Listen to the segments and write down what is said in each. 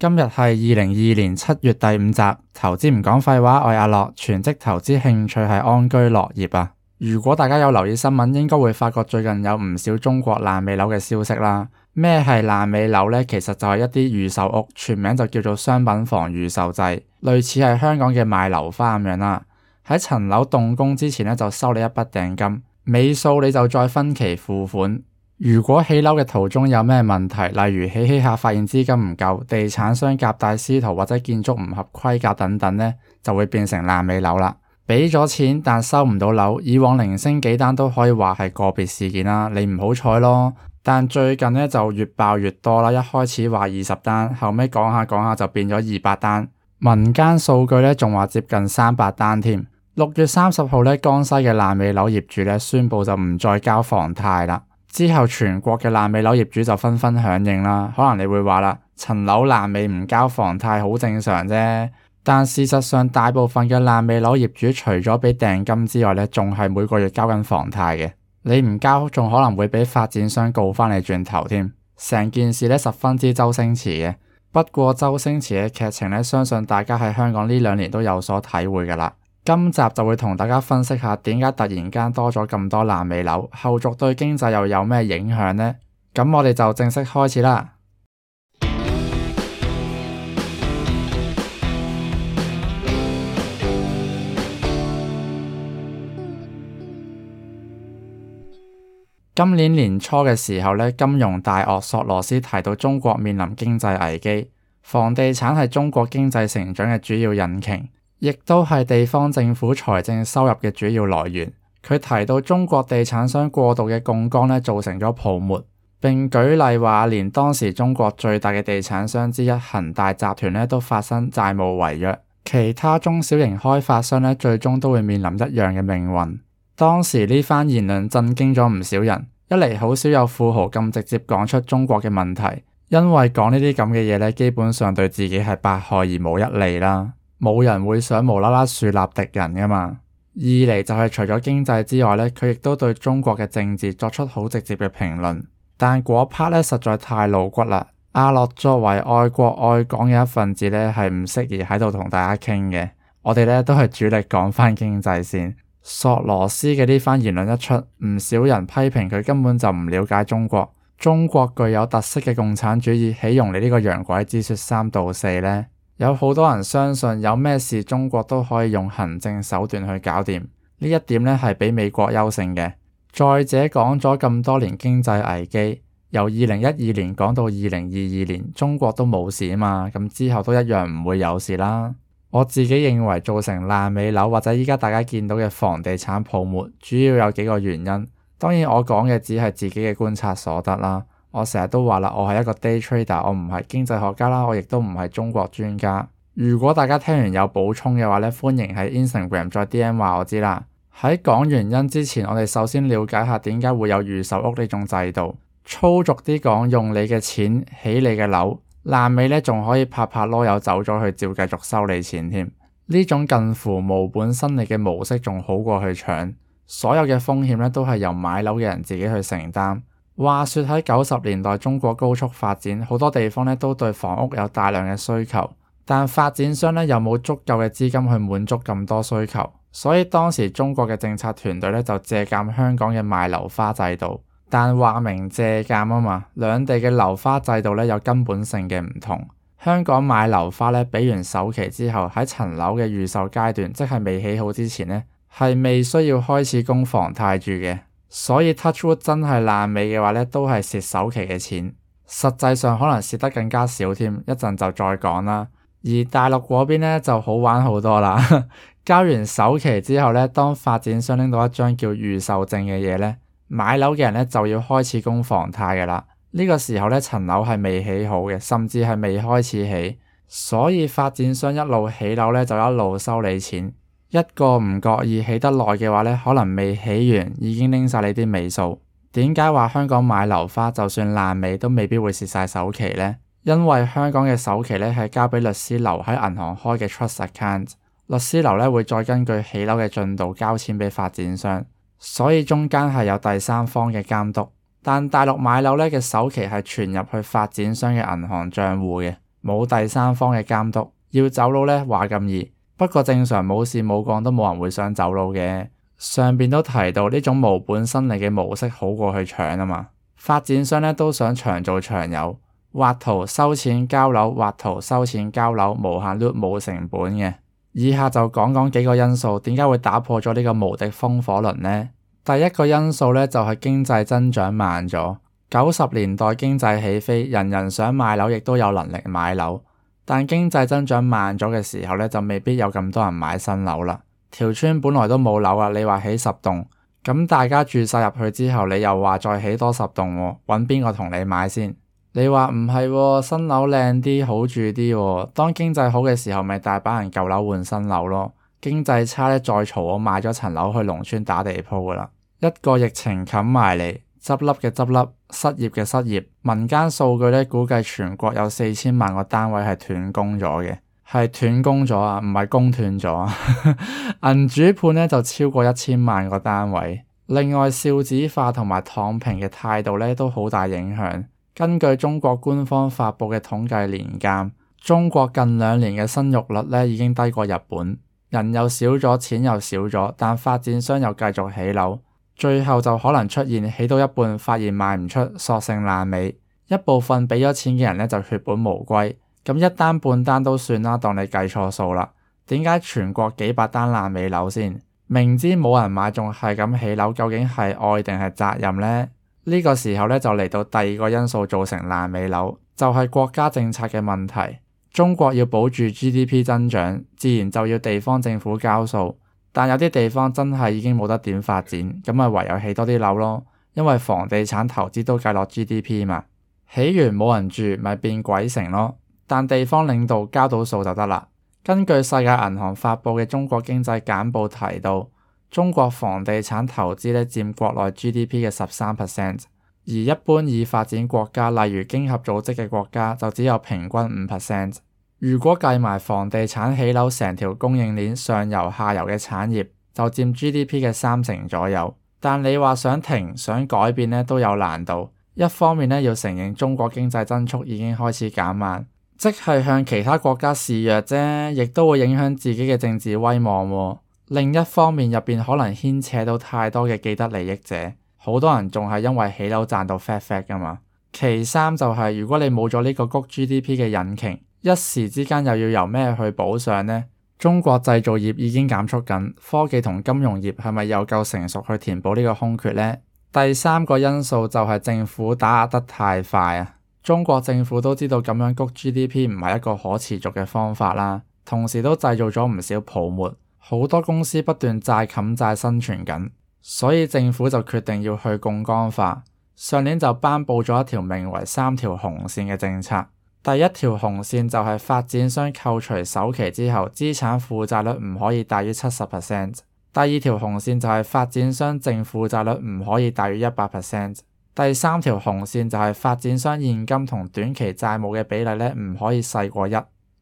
今日係二零二二年七月第五集，投資唔講廢話，我係阿樂全職投資，興趣係安居樂業啊！如果大家有留意新聞，應該會發覺最近有唔少中國爛尾樓嘅消息啦。咩係爛尾樓咧？其實就係一啲預售屋，全名就叫做商品房預售制，類似係香港嘅賣樓花咁樣啦。喺層樓動工之前咧，就收你一筆訂金，尾數你就再分期付款。如果起樓嘅途中有咩問題，例如起起下發現資金唔夠、地產商夾帶私逃或者建築唔合規格等等呢，就會變成爛尾樓啦。俾咗錢但收唔到樓，以往零星幾單都可以話係個別事件啦，你唔好彩咯。但最近呢就越爆越多啦，一開始話二十單，後尾講下講下就變咗二百單，民間數據呢仲話接近三百單添。六月三十號呢，江西嘅爛尾樓業主呢宣布就唔再交房貸啦。之後全國嘅爛尾樓業主就紛紛響應啦。可能你會話啦，層樓爛尾唔交房貸好正常啫。但事實上，大部分嘅爛尾樓業主除咗畀定金之外咧，仲係每個月交緊房貸嘅。你唔交，仲可能會俾發展商告返你轉頭添。成件事咧十分之周星馳嘅。不過周星馳嘅劇情咧，相信大家喺香港呢兩年都有所體會噶啦。今集就會同大家分析下點解突然間多咗咁多爛尾樓，後續對經濟又有咩影響呢？咁我哋就正式開始啦。今年年初嘅時候咧，金融大鱷索羅斯提到中國面臨經濟危機，房地產係中國經濟成長嘅主要引擎，亦都係地方政府財政收入嘅主要來源。佢提到中國地產商過度嘅槓桿咧，造成咗泡沫，並舉例話，連當時中國最大嘅地產商之一恒大集團咧都發生債務違約，其他中小型開發商咧最終都會面臨一樣嘅命運。當時呢番言論震驚咗唔少人，一嚟好少有富豪咁直接講出中國嘅問題，因為講呢啲咁嘅嘢，基本上對自己係百害而無一利啦。冇人會想無啦啦樹立敵人噶嘛。二嚟就係除咗經濟之外咧，佢亦都對中國嘅政治作出好直接嘅評論。但嗰 part 咧實在太露骨啦。阿樂作為愛國愛港嘅一份子咧，係唔適宜喺度同大家傾嘅。我哋咧都係主力講翻經濟先。索羅斯嘅呢番言論一出，唔少人批評佢根本就唔了解中國。中國具有特色嘅共產主義，豈容你呢個洋鬼子說三道四咧？有好多人相信有咩事中國都可以用行政手段去搞掂，呢一點咧係比美國優勝嘅。再者講咗咁多年經濟危機，由二零一二年講到二零二二年，中國都冇事啊嘛，咁之後都一樣唔會有事啦。我自己認為造成爛尾樓或者依家大家見到嘅房地產泡沫，主要有幾個原因。當然我講嘅只係自己嘅觀察所得啦。我成日都話啦，我係一個 day trader，我唔係經濟學家啦，我亦都唔係中國專家。如果大家聽完有補充嘅話咧，歡迎喺 Instagram 再 DM 話我知啦。喺講原因之前，我哋首先了解下點解會有預售屋呢種制度。粗俗啲講，用你嘅錢起你嘅樓，爛尾咧仲可以拍拍囉柚走咗去，照繼續收你錢添。呢種近乎無本生利嘅模式，仲好過去搶，所有嘅風險咧都係由買樓嘅人自己去承擔。話說喺九十年代，中國高速發展，好多地方咧都對房屋有大量嘅需求，但發展商咧又冇足夠嘅資金去滿足咁多需求，所以當時中國嘅政策團隊咧就借鑑香港嘅買樓花制度，但話明借鑑啊嘛，兩地嘅樓花制度咧有根本性嘅唔同。香港買樓花咧，俾完首期之後，喺層樓嘅預售階段，即係未起好之前咧，係未需要開始供房貸住嘅。所以 Touch Wood 真係爛尾嘅話咧，都係蝕首期嘅錢，實際上可能蝕得更加少添，一陣就再講啦。而大陸嗰邊咧就好玩好多啦， 交完首期之後咧，當發展商拎到一張叫預售證嘅嘢咧，買樓嘅人咧就要開始供房貸噶啦。呢個時候咧，層樓係未起好嘅，甚至係未開始起，所以發展商一路起樓咧就一路收你錢。一個唔覺意起得耐嘅話呢，可能未起完已經拎晒你啲尾數。點解話香港買樓花就算爛尾都未必會蝕晒首期咧？因為香港嘅首期咧係交俾律師樓喺銀行開嘅 trust account，律師樓咧會再根據起樓嘅進度交錢俾發展商，所以中間係有第三方嘅監督。但大陸買樓咧嘅首期係存入去發展商嘅銀行賬戶嘅，冇第三方嘅監督，要走佬呢話咁易。不過正常冇事冇講都冇人會想走佬嘅。上面都提到呢種無本生利嘅模式好過去搶啊嘛。發展商呢都想長做長有，畫圖收錢交樓，畫圖收錢交樓，無限 loop 冇成本嘅。以下就講講幾個因素點解會打破咗呢個無敵風火輪呢。第一個因素呢，就係經濟增長慢咗。九十年代經濟起飛，人人想買樓，亦都有能力買樓。但經濟增長慢咗嘅時候咧，就未必有咁多人買新樓啦。條村本來都冇樓啊，你話起十棟，咁大家住晒入去之後，你又話再起多十棟喎、哦，揾邊個同你買先？你話唔係喎，新樓靚啲，好住啲喎、哦。當經濟好嘅時候，咪大把人舊樓換新樓咯。經濟差咧，再嘈我買咗層樓去農村打地鋪噶啦。一個疫情冚埋嚟。執笠嘅執笠，失業嘅失業，民間數據呢，估計全國有四千萬個單位係斷供咗嘅，係斷供咗啊，唔係供斷咗。 銀主盤呢，就超過一千萬個單位。另外，少子化同埋躺平嘅態度呢，都好大影響。根據中國官方發布嘅統計年鑑，中國近兩年嘅生育率呢，已經低過日本，人又少咗，錢又少咗，但發展商又繼續起樓。最後就可能出現起到一半，發現賣唔出，索性爛尾。一部分俾咗錢嘅人呢就血本無歸。咁一單半單都算啦，當你計錯數啦。點解全國幾百單爛尾樓先？明知冇人買仲係咁起樓，究竟係愛定係責任呢？呢個時候咧就嚟到第二個因素造成爛尾樓，就係國家政策嘅問題。中國要保住 GDP 增長，自然就要地方政府交數。但有啲地方真係已經冇得點發展，咁咪唯有起多啲樓咯，因為房地產投資都計落 GDP 嘛。起完冇人住咪變鬼城咯，但地方領導交到數就得啦。根據世界銀行發布嘅中國經濟簡報提到，中國房地產投資呢佔國內 GDP 嘅十三 percent，而一般已發展國家，例如經合組織嘅國家，就只有平均五 percent。如果計埋房地產起樓成條供應鏈上游下游嘅產業，就佔 GDP 嘅三成左右。但你話想停想改變咧，都有難度。一方面咧，要承認中國經濟增速已經開始減慢，即係向其他國家示弱啫，亦都會影響自己嘅政治威望啊。另一方面入邊可能牽扯到太多嘅既得利益者，好多人仲係因為起樓賺到 fat fat 噶嘛。其三就係、是如果你冇咗呢個谷 GDP 嘅引擎。一時之間又要由咩去補上呢？中國製造業已經減速緊，科技同金融業係咪又夠成熟去填補呢個空缺呢？第三個因素就係政府打壓得太快啊！中國政府都知道咁樣谷 GDP 唔係一個可持續嘅方法啦，同時都製造咗唔少泡沫，好多公司不斷債冚債生存緊，所以政府就決定要去槓桿化。上年就頒布咗一條名為三條紅線嘅政策。第一條紅線就係發展商扣除首期之後，資產負債率唔可以大於七十 percent。第二條紅線就係發展商淨負債率唔可以大於一百 percent。第三條紅線就係發展商現金同短期債務嘅比例咧，唔可以細過一。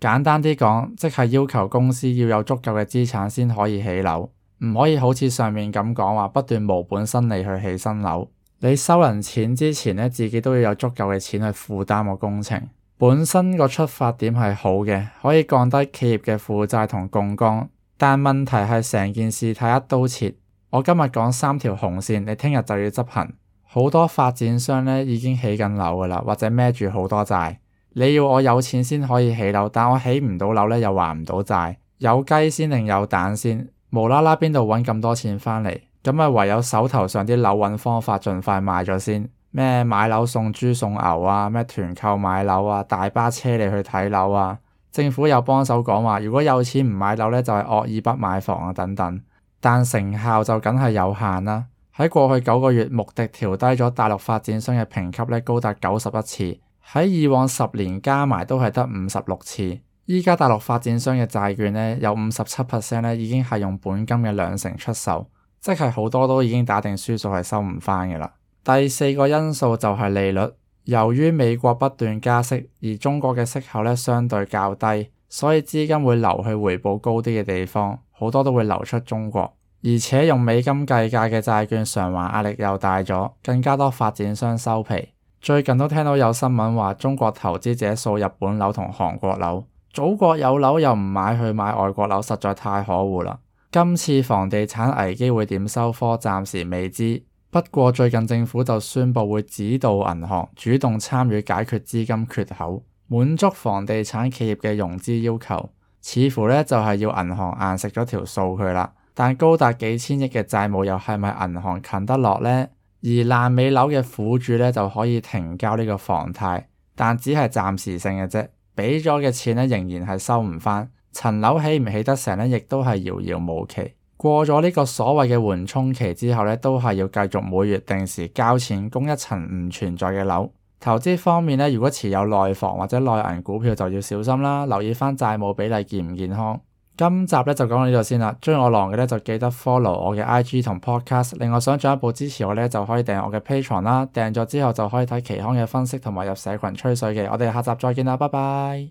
簡單啲講，即係要求公司要有足夠嘅資產先可以起樓，唔可以好似上面咁講話不斷無本生利去起新樓。你收人錢之前呢，自己都要有足夠嘅錢去負擔個工程。本身個出發點係好嘅，可以降低企業嘅負債同槓桿，但問題係成件事太一刀切。我今日講三條紅線，你聽日就要執行。好多發展商咧已經起緊樓㗎啦，或者孭住好多債。你要我有錢先可以起樓，但我起唔到樓咧又還唔到債。有雞先定有蛋先？無啦啦邊度揾咁多錢翻嚟？咁啊唯有手頭上啲樓揾方法盡快賣咗先。咩買樓送豬送牛啊？咩團購買樓啊？大巴車你去睇樓啊？政府又幫手講話，如果有錢唔買樓咧，就係惡意不買房啊等等。但成效就梗係有限啦。喺過去九個月，穆迪調低咗大陸發展商嘅評級咧，高達九十一次。喺以往十年加埋都係得五十六次。而家大陸發展商嘅債券咧，有五十七 percent 咧已經係用本金嘅兩成出售，即係好多都已經打定輸數，係收唔翻嘅啦。第四個因素就係利率，由於美國不斷加息，而中國嘅息口呢相對較低，所以資金會流去回報高啲嘅地方，好多都會流出中國，而且用美金計價嘅債券償還壓力又大咗，更加多發展商收皮。最近都聽到有新聞話，中國投資者掃日本樓同韓國樓，祖國有樓又唔買去買外國樓，實在太可惡啦！今次房地產危機會點收科，暫時未知。不過最近政府就宣布會指導銀行主動參與解決資金缺口，滿足房地產企業嘅融資要求，似乎咧就係、是、要銀行硬食咗條數佢啦。但高達幾千億嘅債務又係咪銀行近得落呢？而爛尾樓嘅苦主咧就可以停交呢個房貸，但只係暫時性嘅啫，俾咗嘅錢咧仍然係收唔返，層樓起唔起得成咧，亦都係遙遙無期。過咗呢個所謂嘅緩衝期之後呢，都係要繼續每月定時交錢，供一層唔存在嘅樓。投資方面呢，如果持有內房或者內銀股票就要小心啦，留意返債務比例健唔健康。今集呢就講到呢度先啦。追我浪嘅呢，就記得 follow 我嘅 IG 同 Podcast。另外想進一步支持我呢，就可以訂我嘅 Patreon 啦。訂咗之後就可以睇期刊嘅分析同埋入社群吹水嘅。我哋下集再見啦，拜拜。